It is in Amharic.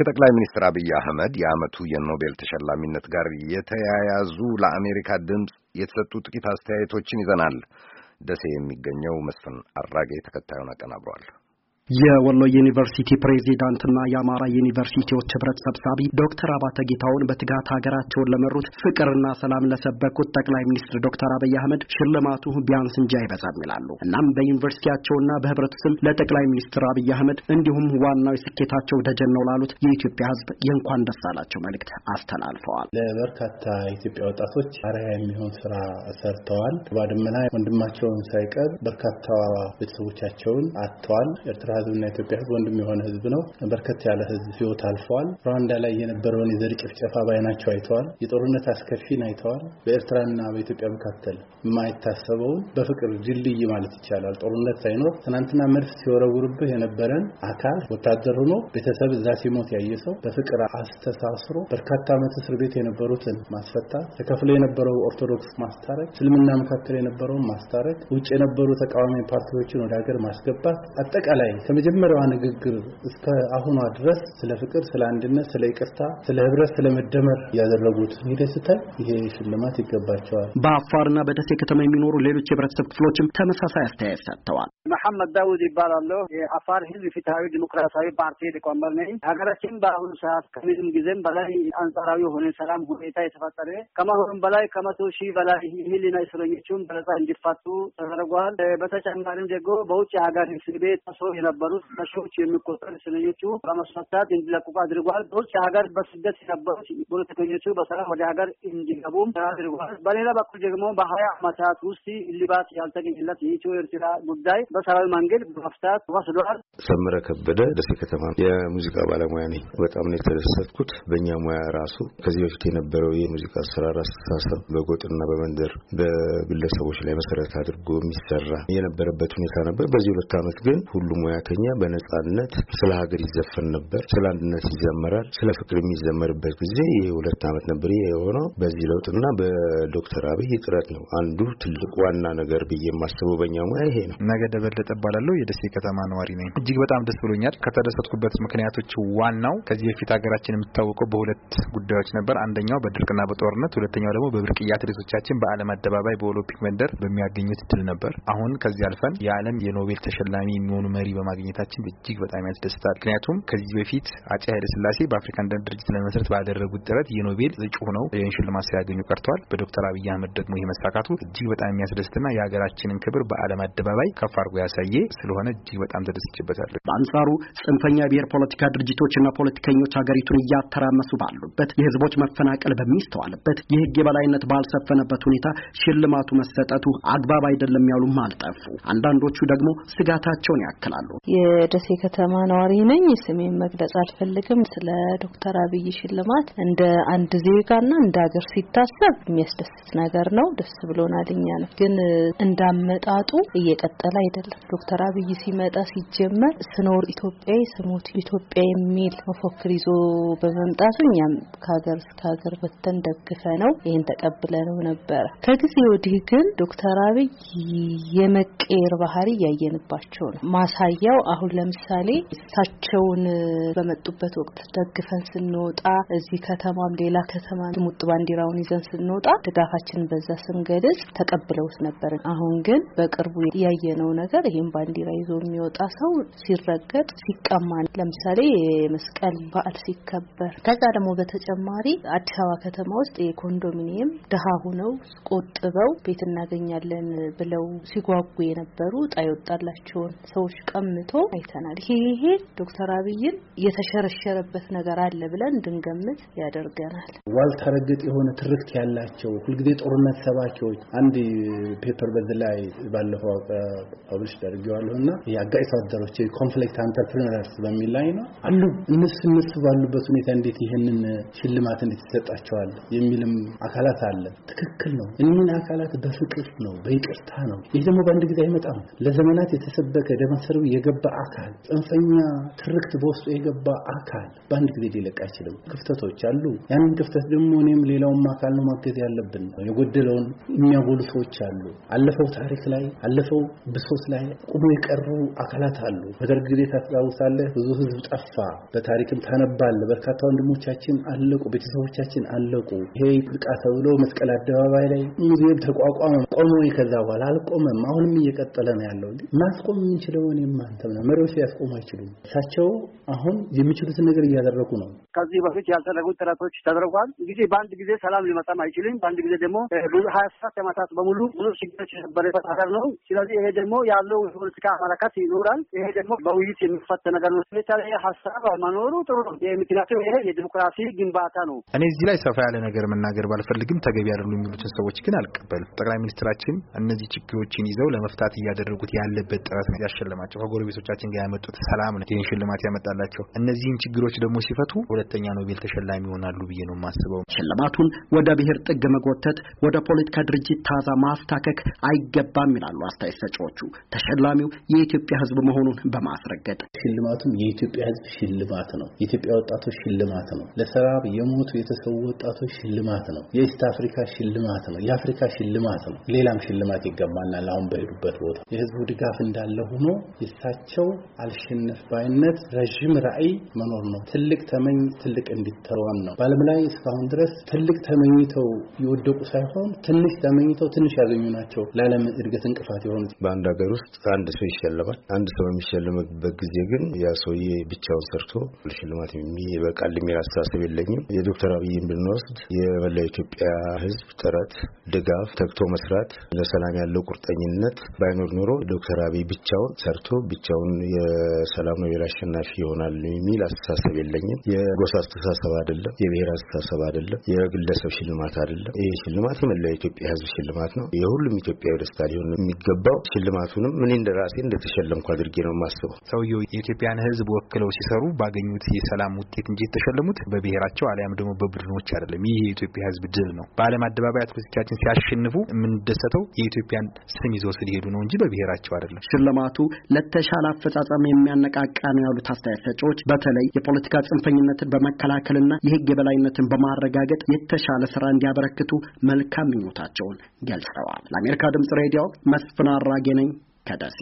ከጠቅላይ ሚኒስትር አብይ አህመድ የዓመቱ የኖቤል ተሸላሚነት ጋር የተያያዙ ለአሜሪካ ድምፅ የተሰጡ ጥቂት አስተያየቶችን ይዘናል። ደሴ የሚገኘው መስፍን አራጌ ተከታዩን አቀናብሯል። የወሎ ዩኒቨርሲቲ ፕሬዚዳንትና የአማራ ዩኒቨርሲቲዎች ህብረት ሰብሳቢ ዶክተር አባተ ጌታውን በትጋት ሀገራቸውን ለመሩት ፍቅርና ሰላም ለሰበኩት ጠቅላይ ሚኒስትር ዶክተር አብይ አህመድ ሽልማቱ ቢያንስ እንጂ አይበዛም ይላሉ። እናም በዩኒቨርሲቲያቸውና በህብረቱ ስም ለጠቅላይ ሚኒስትር አብይ አህመድ እንዲሁም ዋናው ስኬታቸው ደጀን ነው ላሉት የኢትዮጵያ ህዝብ የእንኳን ደስ አላቸው መልእክት አስተላልፈዋል። ለበርካታ የኢትዮጵያ ወጣቶች አርአያ የሚሆን ስራ ሰርተዋል። ባድመ ላይ ወንድማቸውን ሳይቀር በርካታ ቤተሰቦቻቸውን አጥተዋል። ኤርትራ ህዝብና ኢትዮጵያ ህዝብ ወንድም የሆነ ህዝብ ነው። በርከት ያለ ህዝብ ህይወት አልፈዋል። ሩዋንዳ ላይ የነበረውን የዘር ጭፍጨፋ ባይናቸው አይተዋል። የጦርነት አስከፊን አይተዋል። በኤርትራና በኢትዮጵያ መካከል የማይታሰበውን በፍቅር ድልድይ ማለት ይቻላል ጦርነት ሳይኖር ትናንትና መድፍ ሲወረውርብህ የነበረን አካል ወታደር ሆኖ ቤተሰብ እዛ ሲሞት ያየ ሰው በፍቅር አስተሳስሮ በርካታ ዓመት እስር ቤት የነበሩትን ማስፈታት፣ ተከፍሎ የነበረው ኦርቶዶክስ ማስታረቅ፣ እስልምና መካከል የነበረውን ማስታረቅ፣ ውጭ የነበሩ ተቃዋሚ ፓርቲዎችን ወደ ሀገር ማስገባት አጠቃላይ ከመጀመሪያዋ ንግግር እስከ አሁኗ ድረስ ስለ ፍቅር፣ ስለ አንድነት፣ ስለ ይቅርታ፣ ስለ ህብረት፣ ስለ መደመር ያደረጉት ሂደት ስታይ ይሄ ሽልማት ይገባቸዋል። በአፋርና በደሴ ከተማ የሚኖሩ ሌሎች የህብረተሰብ ክፍሎችም ተመሳሳይ አስተያየት ሰጥተዋል። መሐመድ ዳውድ ይባላለሁ። የአፋር ህዝብ ፍትሐዊ ዲሞክራሲያዊ ፓርቲ ሊቀመንበር ነኝ። ሀገራችን በአሁኑ ሰዓት ከምንም ጊዜም በላይ አንጻራዊ የሆነ ሰላም ሁኔታ የተፈጠረ ከመሆኑም በላይ ከመቶ ሺህ በላይ የህሊና እስረኞችን በነጻ እንዲፈቱ ተደርጓል። በተጨማሪም ደግሞ በውጭ ሀገር እስር ቤት ታስሮ የነበሩት በሺዎች የሚቆጠሩ እስረኞቹ በመስፈታት እንዲለቀቁ አድርጓል። በውጭ ሀገር በስደት የነበሩት ፖለቲከኞቹ በሰላም ወደ ሀገር እንዲገቡም አድርጓል። በሌላ በኩል ደግሞ በሀያ አመታት ውስጥ እልባት ያልተገኘለት የኢትዮ ኤርትራ ጉዳይ በሰላዊ መንገድ በመፍታት ወስዷል። ሰምረ ከበደ ደሴ ከተማ የሙዚቃ ባለሙያ ነኝ። በጣም ነው የተደሰትኩት። በእኛ ሙያ ራሱ ከዚህ በፊት የነበረው የሙዚቃ አሰራር አስተሳሰብ በጎጥና በመንደር በግለሰቦች ላይ መሰረት አድርጎ የሚሰራ የነበረበት ሁኔታ ነበር። በዚህ ሁለት ዓመት ግን ሁሉ ሙያተኛ በነጻነት ስለ ሀገር ይዘፈን ነበር፣ ስለ አንድነት ይዘመራል፣ ስለ ፍቅር የሚዘመርበት ጊዜ ይህ ሁለት ዓመት ነበር። ይህ የሆነው በዚህ ለውጥና በዶክተር አብይ ጥረት ነው። አንዱ ትልቅ ዋና ነገር ብዬ የማስበው በእኛ ሙያ ይሄ ነው። አበበ በለጠ እባላለሁ። የደሴ ከተማ ነዋሪ ነኝ። እጅግ በጣም ደስ ብሎኛል። ከተደሰትኩበት ምክንያቶች ዋናው ከዚህ በፊት ሀገራችን የምትታወቀው በሁለት ጉዳዮች ነበር። አንደኛው በድርቅና በጦርነት፣ ሁለተኛው ደግሞ በብርቅዬ አትሌቶቻችን በዓለም አደባባይ በኦሎምፒክ መንደር በሚያገኙት ድል ነበር። አሁን ከዚህ አልፈን የዓለም የኖቤል ተሸላሚ የሚሆኑ መሪ በማግኘታችን እጅግ በጣም ያስደስታል። ምክንያቱም ከዚህ በፊት አፄ ኃይለስላሴ በአፍሪካ አንድነት ድርጅት ለመመስረት ባደረጉት ጥረት የኖቤል እጩ ሆነው ይህን ሽልማት ሳያገኙ ቀርተዋል። በዶክተር አብይ አህመድ ደግሞ ይህ መሳካቱ እጅግ በጣም የሚያስደስትና የሀገራችንን ክብር በዓለም አደባባይ ከፍ አርጎ ያሳየ ስለሆነ እጅግ በጣም ተደስቼበታለሁ። በአንጻሩ ጽንፈኛ የብሔር ፖለቲካ ድርጅቶችና ፖለቲከኞች ሀገሪቱን እያተራመሱ ባሉበት፣ የህዝቦች መፈናቀል በሚስተዋልበት፣ የህግ የበላይነት ባልሰፈነበት ሁኔታ ሽልማቱ መሰጠቱ አግባብ አይደለም ያሉም አልጠፉ። አንዳንዶቹ ደግሞ ስጋታቸውን ያክላሉ። የደሴ ከተማ ነዋሪ ነኝ። ስሜን መግለጽ አልፈልግም። ስለ ዶክተር አብይ ሽልማት እንደ አንድ ዜጋና እንደ ሀገር ሲታሰብ የሚያስደስት ነገር ነው። ደስ ብሎናል። ነው ግን እንዳመጣጡ እየቀጠለ አይደለም። አይደለም። ዶክተር አብይ ሲመጣ ሲጀመር ስኖር ኢትዮጵያዊ ስሞት ኢትዮጵያ የሚል መፎክር ይዞ በመምጣቱ እኛም ከሀገር እስከ ሀገር በተን ደግፈ ነው ይህን ተቀብለ ነው ነበረ። ከጊዜ ወዲህ ግን ዶክተር አብይ የመቀየር ባህሪ እያየንባቸው ነው። ማሳያው አሁን ለምሳሌ እሳቸውን በመጡበት ወቅት ደግፈን ስንወጣ እዚህ ከተማም ሌላ ከተማ ሙጥ ባንዲራውን ይዘን ስንወጣ ድጋፋችንን በዛ ስንገልጽ ተቀብለውት ነበር። አሁን ግን በቅርቡ ያየነው ሀገር ይህም ባንዲራ ይዞ የሚወጣ ሰው ሲረገጥ፣ ሲቀማ፣ ለምሳሌ የመስቀል በዓል ሲከበር፣ ከዛ ደግሞ በተጨማሪ አዲስ አበባ ከተማ ውስጥ የኮንዶሚኒየም ድሃ ሆነው ቆጥበው ቤት እናገኛለን ብለው ሲጓጉ የነበሩ እጣ የወጣላቸውን ሰዎች ቀምቶ አይተናል። ይሄ ይሄ ዶክተር አብይን የተሸረሸረበት ነገር አለ ብለን እንድንገምት ያደርገናል። ዋልታ ረገጥ የሆነ ትርክት ያላቸው ሁልጊዜ ጦርነት ሰባኪዎች አንድ ፔፐር በዚህ ላይ ባለፈው ፐብሊሽ ደርጌዋለሁ እና የአጋይ ሳደሮች ኮንፍሊክት አንተርፕሪነርስ በሚል ላይ ነው አሉ እነሱ እነሱ ባሉበት ሁኔታ እንዴት ይህንን ሽልማት እንዴት ይሰጣቸዋል የሚልም አካላት አለ። ትክክል ነው። እኒህን አካላት በፍቅር ነው፣ በይቅርታ ነው። ይህ ደግሞ በአንድ ጊዜ አይመጣም። ለዘመናት የተሰበከ ደመሰሩ የገባ አካል ጽንፈኛ ትርክት በውስጡ የገባ አካል በአንድ ጊዜ ሊለቅ አይችልም። ክፍተቶች አሉ። ያንን ክፍተት ደግሞ እኔም ሌላውም አካል ነው ማገዝ ያለብን። የጎደለውን የሚያጎሉ ሰዎች አሉ። አለፈው ታሪክ ላይ አለፈው ብሶት ላይ ቁሞ የቀሩ አካላት አሉ። በደርግ ጊዜ ታስታውሳለህ፣ ብዙ ህዝብ ጠፋ። በታሪክም ታነባለ፣ በርካታ ወንድሞቻችን አለቁ፣ ቤተሰቦቻችን አለቁ። ይሄ ብቃ ተብሎ መስቀል አደባባይ ላይ ሙዚየም ተቋቋመ፣ ቆሞ። ከዛ በኋላ አልቆመም፣ አሁንም እየቀጠለ ነው ያለው። ማስቆም የምንችለው እኔም አንተም ነው። መሪዎች ሊያስቆሙ አይችሉም። እሳቸው አሁን የሚችሉትን ነገር እያደረጉ ነው። ከዚህ በፊት ያልተደረጉ ጥረቶች ተደርጓል። እንግዲህ በአንድ ጊዜ ሰላም ሊመጣም አይችልም። በአንድ ጊዜ ደግሞ ብዙ ሀያ ሰባት ዓመታት በሙሉ ብዙ ችግሮች የነበረበት ሀገር ነው። ስለዚህ ይሄ ደግሞ ያለው የፖለቲካ አመለካከት ይኖራል። ይሄ ደግሞ በውይይት የሚፈታ ነገር ነው። ስለቻለ ይሄ ሀሳብ መኖሩ ጥሩ ነው። ምክንያቱም ይሄ የዲሞክራሲ ግንባታ ነው። እኔ እዚህ ላይ ሰፋ ያለ ነገር መናገር ባልፈልግም ተገቢ አይደሉ የሚሉትን ሰዎች ግን አልቀበልም። ጠቅላይ ሚኒስትራችን እነዚህ ችግሮችን ይዘው ለመፍታት እያደረጉት ያለበት ጥረት ነው ያሸለማቸው። ከጎረቤቶቻችን ጋር ያመጡት ሰላም ነው ይህን ሽልማት ያመጣላቸው። እነዚህን ችግሮች ደግሞ ሲፈቱ ሁለተኛ ኖቤል ተሸላሚ ይሆናሉ ብዬ ነው የማስበው። ሽልማቱን ወደ ብሔር ጥግ መጎተት፣ ወደ ፖለቲካ ድርጅት ታዛ ማስታከክ አይገባም ይላሉ አስተያየት ሰጪዎቹ። ተሸላሚው የኢትዮጵያ ሕዝብ መሆኑን በማስረገጥ ሽልማቱም የኢትዮጵያ ሕዝብ ሽልማት ነው። የኢትዮጵያ ወጣቶች ሽልማት ነው። ለሰራብ የሞቱ የተሰዉ ወጣቶች ሽልማት ነው። የኢስት አፍሪካ ሽልማት ነው። የአፍሪካ ሽልማት ነው። ሌላም ሽልማት ይገባናል። አሁን በሄዱበት ቦታ የህዝቡ ድጋፍ እንዳለ ሆኖ የሳቸው አልሸነፍ ባይነት ረዥም ራዕይ መኖር ነው። ትልቅ ተመኝ ትልቅ እንዲተሯም ነው። በዓለም ላይ እስካሁን ድረስ ትልቅ ተመኝተው የወደቁ ሳይሆን ትንሽ ተመኝተው ትንሽ ያገኙ ናቸው ለዓለም እድገት እንቅፋት የሆኑት በአንድ ሀገር ሀገር ውስጥ አንድ ሰው ይሸለማል። አንድ ሰው በሚሸለምበት ጊዜ ግን ያ ሰውዬ ብቻውን ሰርቶ ለሽልማት የሚበቃል የሚል አስተሳሰብ የለኝም። የዶክተር አብይን ብንወስድ የመላ ኢትዮጵያ ሕዝብ ጥረት፣ ድጋፍ፣ ተግቶ መስራት፣ ለሰላም ያለው ቁርጠኝነት ባይኖር ኖሮ ዶክተር አብይ ብቻውን ሰርቶ ብቻውን የሰላም ኖቤል አሸናፊ ይሆናል የሚል አስተሳሰብ የለኝም። የጎሳ አስተሳሰብ አይደለም። የብሔር አስተሳሰብ አይደለም። የግለሰብ ሽልማት አይደለም። ይህ ሽልማት የመላ ኢትዮጵያ ሕዝብ ሽልማት ነው። የሁሉም ኢትዮጵያዊ ደስታ ሊሆን የሚገባው ሽልማቱ እሱንም ምን እንደ ራሴ እንደተሸለምኩ አድርጌ ነው የማስበው። ሰውየው የኢትዮጵያን ሕዝብ ወክለው ሲሰሩ ባገኙት የሰላም ውጤት እንጂ የተሸለሙት በብሔራቸው አሊያም ደግሞ በቡድኖች አይደለም። ይህ የኢትዮጵያ ሕዝብ ድል ነው። በዓለም አደባባይ አትሌቶቻችን ሲያሸንፉ የምንደሰተው የኢትዮጵያን ስም ይዘው ስለሄዱ ነው እንጂ በብሔራቸው አይደለም። ሽልማቱ ለተሻለ አፈጻጸም የሚያነቃቃ ነው ያሉት አስተያየት ሰጪዎች በተለይ የፖለቲካ ጽንፈኝነትን በመከላከልና የህግ የበላይነትን በማረጋገጥ የተሻለ ስራ እንዲያበረክቱ መልካም ምኞታቸውን ገልጸዋል። ለአሜሪካ ድምጽ ሬዲዮ መስፍን አራጌ ነኝ ከደሴ